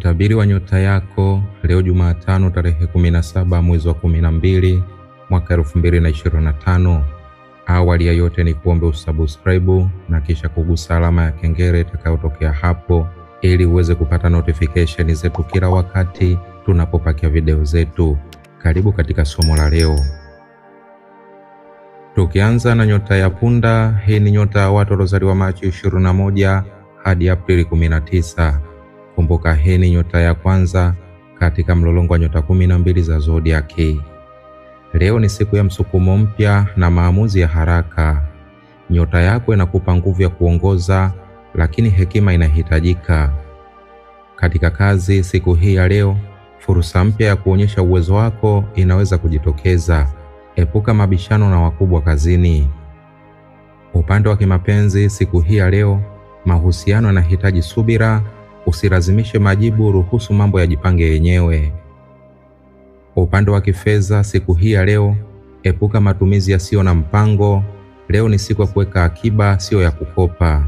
Utabiri wa nyota yako leo Jumatano tarehe 17 mwezi wa 12 mwaka 2025. Awali ya yote ni kuombe usubscribe na kisha kugusa alama ya kengele itakayotokea hapo ili uweze kupata notification zetu kila wakati tunapopakia video zetu. Karibu katika somo la leo. Tukianza na nyota ya punda, hii ni nyota ya watu waliozaliwa Machi 21 hadi Aprili 19 ni nyota ya kwanza katika mlolongo wa nyota kumi na mbili za zodiaki. Leo ni siku ya msukumo mpya na maamuzi ya haraka. Nyota yako inakupa nguvu ya kuongoza, lakini hekima inahitajika katika kazi. Siku hii ya leo, fursa mpya ya kuonyesha uwezo wako inaweza kujitokeza. Epuka mabishano na wakubwa kazini. Upande wa kimapenzi, siku hii ya leo, mahusiano yanahitaji subira Usilazimishe majibu, ruhusu mambo yajipange yenyewe. Kwa upande wa kifedha, siku hii ya leo, epuka matumizi yasiyo na mpango. Leo ni siku ya kuweka akiba, siyo ya kukopa.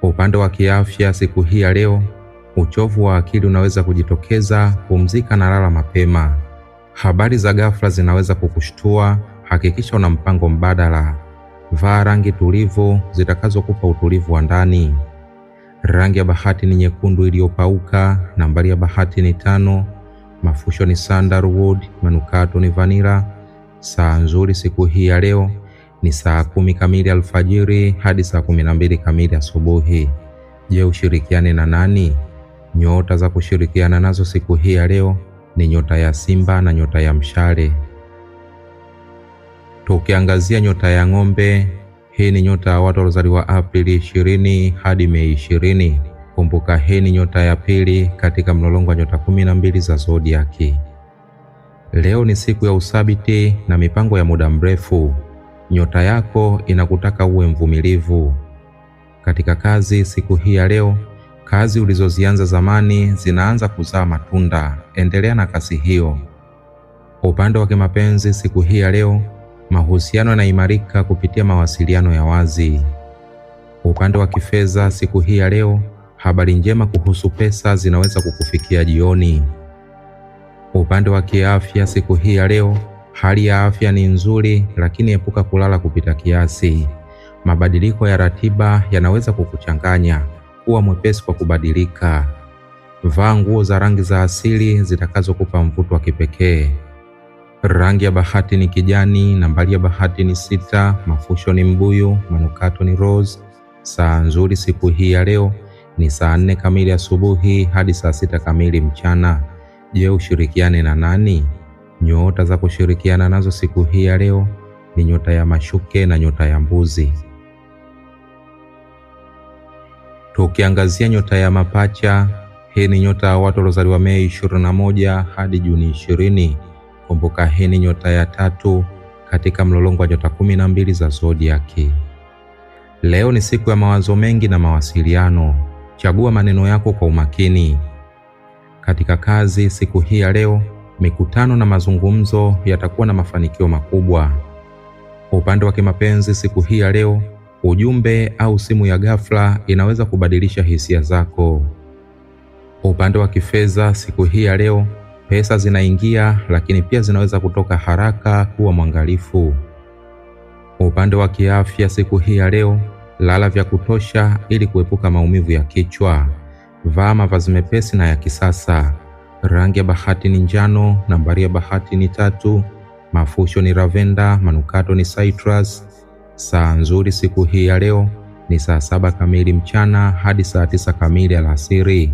Kwa upande wa kiafya, siku hii ya leo, uchovu wa akili unaweza kujitokeza. Pumzika na lala mapema. Habari za ghafla zinaweza kukushtua. Hakikisha una mpango mbadala. Vaa rangi tulivu zitakazokupa utulivu wa ndani. Rangi ya bahati ni nyekundu iliyopauka. Nambari ya bahati ni tano. Mafusho ni sandalwood, manukato ni vanira. Saa nzuri siku hii ya leo ni saa kumi kamili alfajiri hadi saa kumi na mbili kamili asubuhi. Je, ushirikiane na nani? Nyota za kushirikiana nazo siku hii ya leo ni nyota ya Simba na nyota ya Mshale. Tukiangazia nyota ya Ng'ombe, hii ni nyota ya watu waliozaliwa Aprili ishirini hadi Mei ishirini. Kumbuka, hii ni nyota ya pili katika mlolongo wa nyota kumi na mbili za zodiaki. Leo ni siku ya usabiti na mipango ya muda mrefu. Nyota yako inakutaka uwe mvumilivu katika kazi. Siku hii ya leo, kazi ulizozianza zamani zinaanza kuzaa matunda. Endelea na kazi hiyo. Upande wa kimapenzi, siku hii ya leo Mahusiano yanaimarika kupitia mawasiliano ya wazi. Upande wa kifedha, siku hii ya leo, habari njema kuhusu pesa zinaweza kukufikia jioni. Upande wa kiafya, siku hii ya leo, hali ya afya ni nzuri, lakini epuka kulala kupita kiasi. Mabadiliko ya ratiba yanaweza kukuchanganya. Kuwa mwepesi kwa kubadilika. Vaa nguo za rangi za asili zitakazokupa mvuto wa kipekee. Rangi ya bahati ni kijani, nambari ya bahati ni sita, mafusho ni mbuyu, manukato ni rose. Saa nzuri siku hii ya leo ni saa nne kamili asubuhi hadi saa sita kamili mchana. Je, ushirikiane na nani? Nyota za kushirikiana nazo siku hii ya leo ni nyota ya mashuke na nyota ya mbuzi. Tukiangazia nyota ya mapacha, hii ni nyota ya watu waliozaliwa Mei 21 moja hadi Juni ishirini ni nyota ya tatu katika mlolongo wa nyota kumi na mbili za zodiaki. Leo ni siku ya mawazo mengi na mawasiliano. Chagua maneno yako kwa umakini. Katika kazi siku hii ya leo, mikutano na mazungumzo yatakuwa na mafanikio makubwa. Upande wa kimapenzi siku hii ya leo, ujumbe au simu ya ghafla inaweza kubadilisha hisia zako. Upande wa kifedha siku hii ya leo Pesa zinaingia lakini pia zinaweza kutoka haraka. Kuwa mwangalifu. Upande wa kiafya siku hii ya leo, lala vya kutosha ili kuepuka maumivu ya kichwa. Vaa mavazi mepesi na ya kisasa. Rangi ya bahati ni njano. Nambari ya bahati ni tatu. Mafusho ni ravenda. Manukato ni citrus. Saa nzuri siku hii ya leo ni saa saba kamili mchana hadi saa tisa kamili alasiri.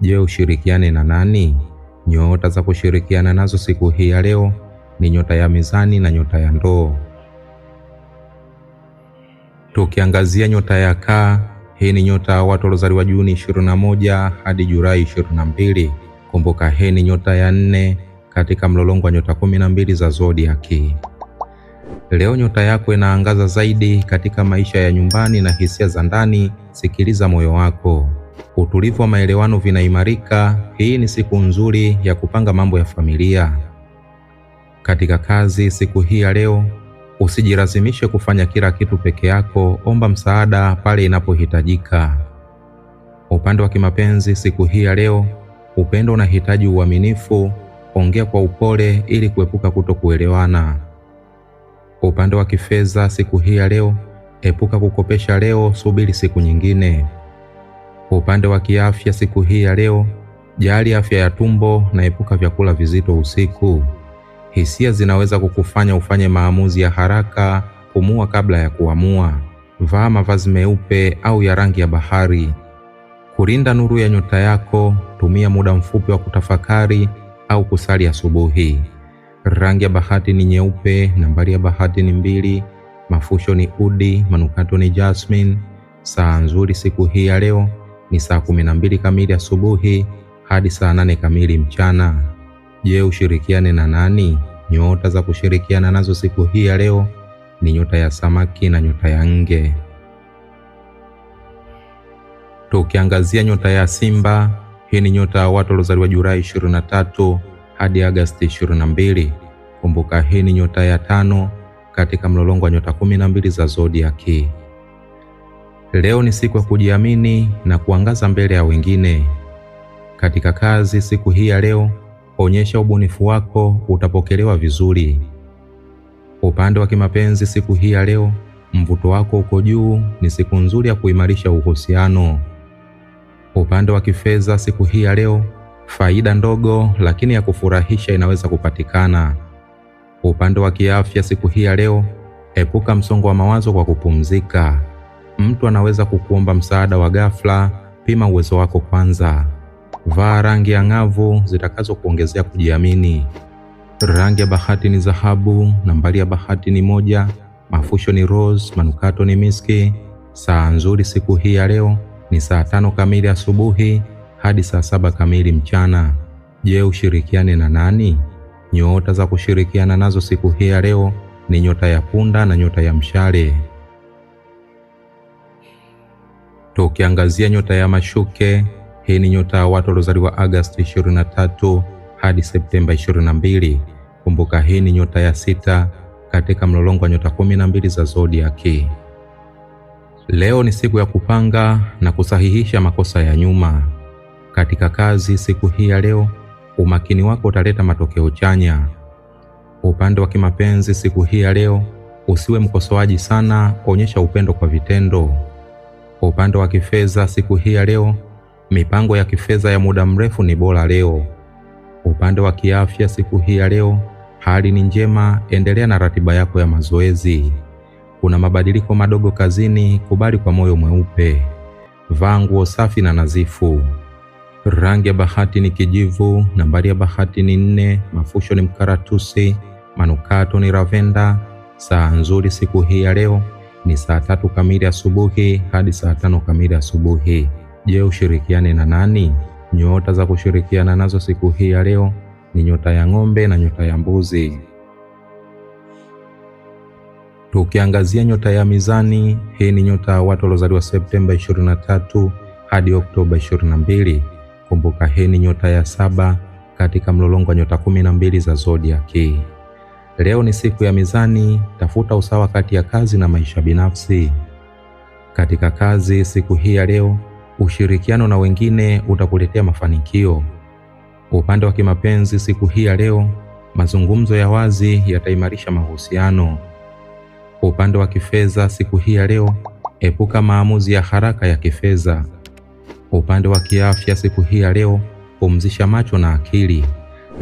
Je, ushirikiane na nani? Nyota za kushirikiana nazo siku hii ya leo ni nyota ya mizani na nyota ya ndoo. Tukiangazia nyota ya kaa, hii ni nyota ya watu waliozaliwa Juni 21 hadi Julai 22. Kumbuka, hii ni nyota ya nne katika mlolongo wa nyota 12 na mbili za zodiaki. Leo nyota yako inaangaza zaidi katika maisha ya nyumbani na hisia za ndani. Sikiliza moyo wako utulivu wa maelewano vinaimarika. Hii ni siku nzuri ya kupanga mambo ya familia. Katika kazi siku hii ya leo, usijilazimishe kufanya kila kitu peke yako, omba msaada pale inapohitajika. Upande wa kimapenzi siku hii ya leo, upendo unahitaji uaminifu, ongea kwa upole ili kuepuka kutokuelewana. Upande wa kifedha siku hii ya leo, epuka kukopesha leo, subiri siku nyingine. Kwa upande wa kiafya siku hii ya leo, jali afya ya tumbo na epuka vyakula vizito usiku. Hisia zinaweza kukufanya ufanye maamuzi ya haraka, kumua kabla ya kuamua. Vaa mavazi meupe au ya rangi ya bahari. Kulinda nuru ya nyota yako, tumia muda mfupi wa kutafakari au kusali asubuhi. Rangi ya bahati ni nyeupe, nambari ya bahati ni mbili, mafusho ni udi, manukato ni jasmine. Saa nzuri siku hii ya leo ni saa kumi na mbili kamili asubuhi hadi saa nane kamili mchana. Je, ushirikiane na nani? Nyota za kushirikiana nazo siku hii ya leo ni nyota ya samaki na nyota ya nge. Tukiangazia nyota ya Simba, hii ni nyota ya watu waliozaliwa Julai 23 hadi Agasti 22. Kumbuka, hii ni nyota ya tano katika mlolongo wa nyota kumi na mbili za zodiaki. Leo ni siku ya kujiamini na kuangaza mbele ya wengine. Katika kazi siku hii ya leo, onyesha ubunifu wako, utapokelewa vizuri. Upande wa kimapenzi siku hii ya leo, mvuto wako uko juu, ni siku nzuri ya kuimarisha uhusiano. Upande wa kifedha siku hii ya leo, faida ndogo lakini ya kufurahisha inaweza kupatikana. Upande wa kiafya siku hii ya leo, epuka msongo wa mawazo kwa kupumzika. Mtu anaweza kukuomba msaada wa ghafla. Pima uwezo wako kwanza. Vaa rangi ang'avu zitakazokuongezea kujiamini. Rangi ya bahati ni dhahabu, nambari ya bahati ni moja, mafusho ni rose, manukato ni miski. Saa nzuri siku hii ya leo ni saa tano kamili asubuhi hadi saa saba kamili mchana. Je, ushirikiane na nani? Nyota za kushirikiana nazo siku hii ya leo ni nyota ya punda na nyota ya mshale. Tukiangazia nyota ya mashuke, hii ni nyota ya watu waliozaliwa Agosti 23 hadi Septemba 22. Kumbuka hii ni nyota ya sita katika mlolongo wa nyota 12 za zodiaki. Leo ni siku ya kupanga na kusahihisha makosa ya nyuma. Katika kazi siku hii ya leo, umakini wako utaleta matokeo chanya. Upande wa kimapenzi siku hii ya leo, usiwe mkosoaji sana, onyesha upendo kwa vitendo. Kwa upande wa kifedha siku hii ya leo, mipango ya kifedha ya muda mrefu ni bora leo. Upande wa kiafya siku hii ya leo, hali ni njema, endelea na ratiba yako ya mazoezi. Kuna mabadiliko madogo kazini, kubali kwa moyo mweupe. Vaa nguo safi na nadhifu. Rangi ya bahati ni kijivu. Nambari ya bahati ni nne. Mafusho ni mkaratusi. Manukato ni ravenda. Saa nzuri siku hii ya leo ni saa tatu kamili asubuhi hadi saa tano kamili asubuhi. Je, ushirikiane na nani? Nyota za kushirikiana nazo siku hii ya leo ni nyota ya ng'ombe na nyota ya mbuzi. Tukiangazia nyota ya mizani, hii ni nyota ya watu waliozaliwa Septemba 23 hadi Oktoba 22. Kumbuka, hii ni nyota ya saba katika mlolongo wa nyota 12 za zodiaki. Leo ni siku ya mizani, tafuta usawa kati ya kazi na maisha binafsi. Katika kazi siku hii ya leo, ushirikiano na wengine utakuletea mafanikio. Upande wa kimapenzi siku hii ya leo, mazungumzo ya wazi yataimarisha mahusiano. Upande wa kifedha siku hii ya leo, epuka maamuzi ya haraka ya kifedha. Upande wa kiafya siku hii ya leo, pumzisha macho na akili.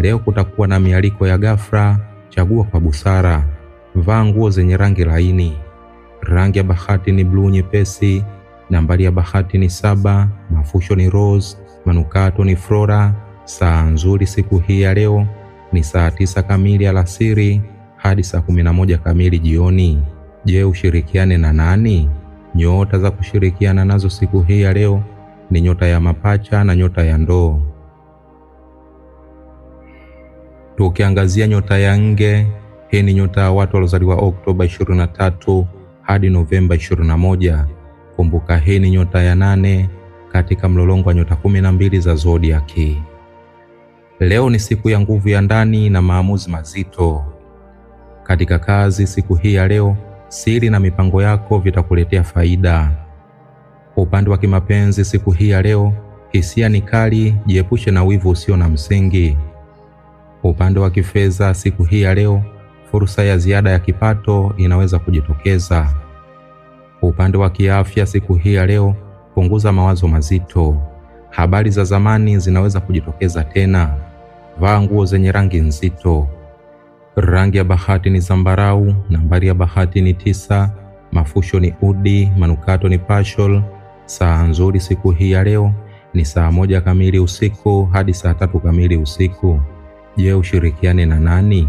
Leo kutakuwa na mialiko ya ghafla chagua kwa busara. Vaa nguo zenye rangi laini. Rangi ya bahati ni bluu nyepesi. Nambari ya bahati ni saba. Mafusho ni rose, manukato ni flora. Saa nzuri siku hii ya leo ni saa tisa kamili alasiri hadi saa kumi na moja kamili jioni. Je, ushirikiane na nani? Nyota za kushirikiana nazo siku hii ya leo ni nyota ya mapacha na nyota ya ndoo. tukiangazia nyota ya nge. Hii ni nyota ya watu waliozaliwa Oktoba 23 hadi Novemba 21. Kumbuka, hii ni nyota ya nane katika mlolongo wa nyota 12 za zodiaki. Leo ni siku ya nguvu ya ndani na maamuzi mazito katika kazi. Siku hii ya leo, siri na mipango yako vitakuletea faida. Upande wa kimapenzi, siku hii ya leo, hisia ni kali, jiepushe na wivu usio na msingi. Upande wa kifedha, siku hii ya leo, fursa ya ziada ya kipato inaweza kujitokeza. Upande wa kiafya, siku hii ya leo, punguza mawazo mazito. Habari za zamani zinaweza kujitokeza tena. Vaa nguo zenye rangi nzito. Rangi ya bahati ni zambarau. Nambari ya bahati ni tisa. Mafusho ni udi. Manukato ni pashol. Saa nzuri siku hii ya leo ni saa moja kamili usiku hadi saa tatu kamili usiku. Je, ushirikiane na nani?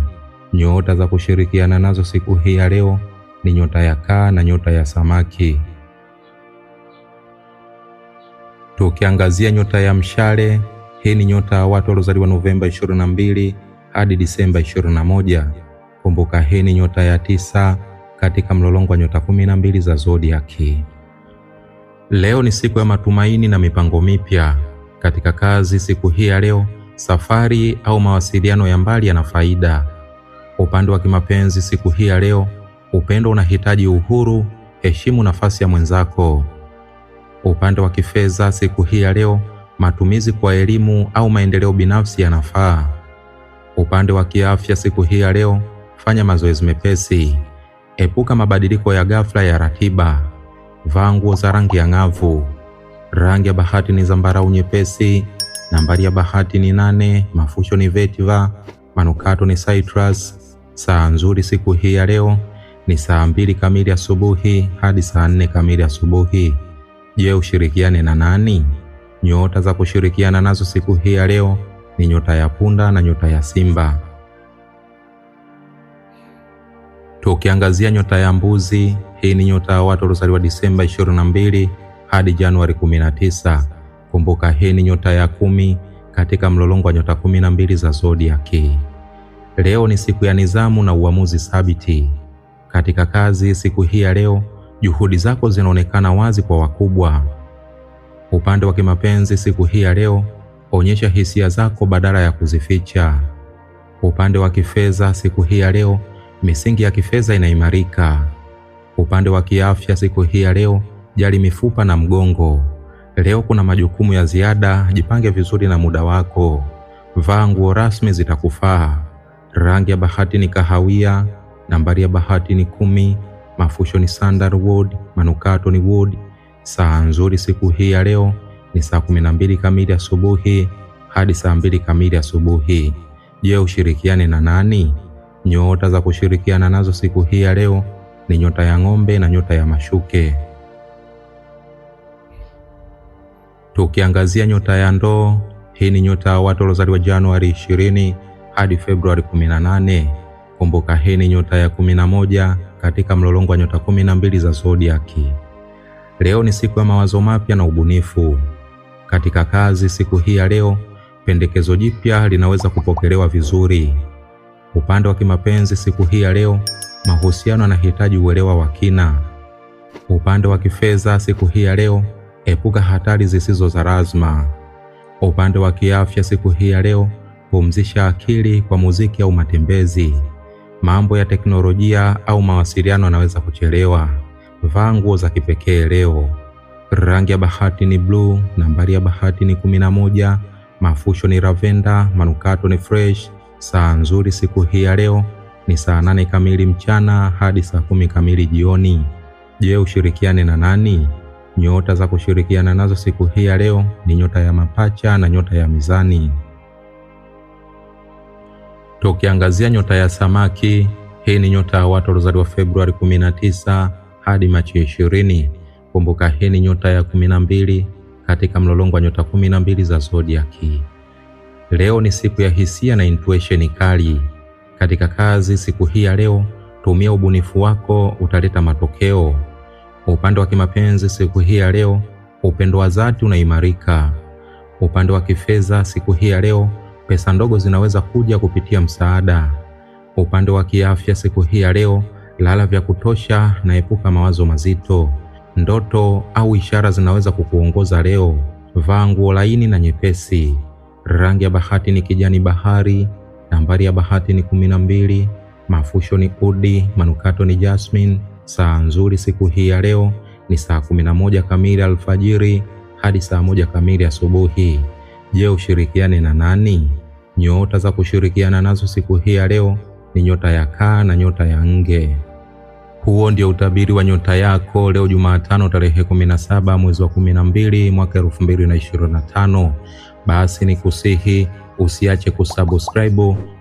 Nyota za kushirikiana nazo siku hii ya leo ni nyota ya kaa na nyota ya samaki. Tukiangazia nyota ya mshale, hii ni nyota ya watu waliozaliwa Novemba 22 hadi Disemba 21. Kumbuka, hii ni nyota ya tisa katika mlolongo wa nyota 12 za zodiaki. Leo ni siku ya matumaini na mipango mipya katika kazi. Siku hii ya leo safari au mawasiliano ya mbali yana faida. Upande wa kimapenzi, siku hii ya leo, upendo unahitaji uhuru. Heshimu nafasi ya mwenzako. Upande wa kifedha, siku hii ya leo, matumizi kwa elimu au maendeleo binafsi yanafaa. Upande wa kiafya, siku hii ya leo, fanya mazoezi mepesi. Epuka mabadiliko ya ghafla ya ratiba. Vaa nguo za rangi ya ng'avu. Rangi ya bahati ni zambarau nyepesi. Nambari ya bahati ni nane. Mafusho ni Vetiva, manukato ni Citrus. Saa nzuri siku hii ya leo ni saa mbili kamili asubuhi hadi saa nne kamili asubuhi. Je, ushirikiane na nani? Nyota za kushirikiana nazo siku hii ya leo ni nyota ya punda na nyota ya simba. Tukiangazia nyota ya mbuzi, hii ni nyota ya watu waliozaliwa Disemba 22 hadi Januari 19. Kumbuka hii ni nyota ya kumi katika mlolongo wa nyota kumi na mbili za zodiaki. Leo ni siku ya nidhamu na uamuzi thabiti katika kazi. Siku hii ya leo, juhudi zako zinaonekana wazi kwa wakubwa. Upande wa kimapenzi, siku hii ya leo, onyesha hisia zako badala ya kuzificha. Upande wa kifedha, siku hii ya leo, misingi ya kifedha inaimarika. Upande wa kiafya, siku hii ya leo, jali mifupa na mgongo. Leo kuna majukumu ya ziada, jipange vizuri na muda wako. Vaa nguo rasmi zitakufaa. Rangi ya bahati ni kahawia, nambari ya bahati ni kumi, mafusho ni sandalwood, manukato ni wood. Saa nzuri siku hii ya leo ni saa kumi na mbili kamili asubuhi hadi saa mbili kamili asubuhi. Je, ushirikiane na nani? Nyota za kushirikiana nazo siku hii ya leo ni nyota ya ng'ombe na nyota ya mashuke. tukiangazia nyota ya ndoo. Hii ni nyota ya watu waliozaliwa Januari 20 hadi Februari 18. Kumbuka, hii ni nyota ya 11 katika mlolongo wa nyota 12 za zodiaki. Leo ni siku ya mawazo mapya na ubunifu katika kazi. Siku hii ya leo, pendekezo jipya linaweza kupokelewa vizuri. Upande wa kimapenzi, siku hii ya leo, mahusiano yanahitaji uelewa wa kina. Upande wa kifedha, siku hii ya leo Epuka hatari zisizo za lazima. Upande wa kiafya siku hii ya leo, pumzisha akili kwa muziki au matembezi. Mambo ya teknolojia au mawasiliano yanaweza kuchelewa. Vaa nguo za kipekee leo. Rangi ya bahati ni bluu. Nambari ya bahati ni kumi na moja. Mafusho ni lavenda. Manukato ni fresh. Saa nzuri siku hii ya leo ni saa nane kamili mchana hadi saa kumi kamili jioni. Je, ushirikiane na nani? Nyota za kushirikiana nazo siku hii ya leo ni nyota ya mapacha na nyota ya mizani. Tukiangazia nyota ya samaki, hii ni nyota ya watu waliozaliwa Februari 19 hadi Machi 20. Kumbuka hii ni nyota ya 12 katika mlolongo wa nyota 12 za zodiaki. Leo ni siku ya hisia na intuition kali. Katika kazi siku hii ya leo, tumia ubunifu wako, utaleta matokeo. Kwa upande wa kimapenzi siku hii ya leo, upendo wa dhati unaimarika. Upande wa kifedha siku hii ya leo, pesa ndogo zinaweza kuja kupitia msaada. Upande wa kiafya siku hii ya leo, lala vya kutosha na epuka mawazo mazito. Ndoto au ishara zinaweza kukuongoza leo. Vaa nguo laini na nyepesi. Rangi ya bahati ni kijani bahari. Nambari ya bahati ni kumi na mbili. Mafusho ni udi, manukato ni jasmine. Saa nzuri siku hii ya leo ni saa 11 kamili alfajiri hadi saa moja kamili asubuhi. Je, ushirikiane na nani? Nyota za kushirikiana nazo siku hii ya leo ni nyota ya kaa na nyota ya nge. Huo ndio utabiri wa nyota yako leo Jumatano tarehe 17 mwezi wa 12 mwaka 2025. Basi ni kusihi usiache kusubscribe